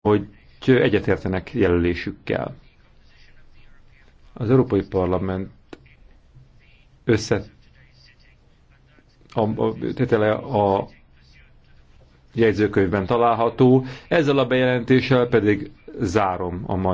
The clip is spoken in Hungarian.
hogy egyetértenek jelölésükkel. Az Európai Parlament össze a, a tétele a jegyzőkönyvben található, ezzel a bejelentéssel pedig zárom a mai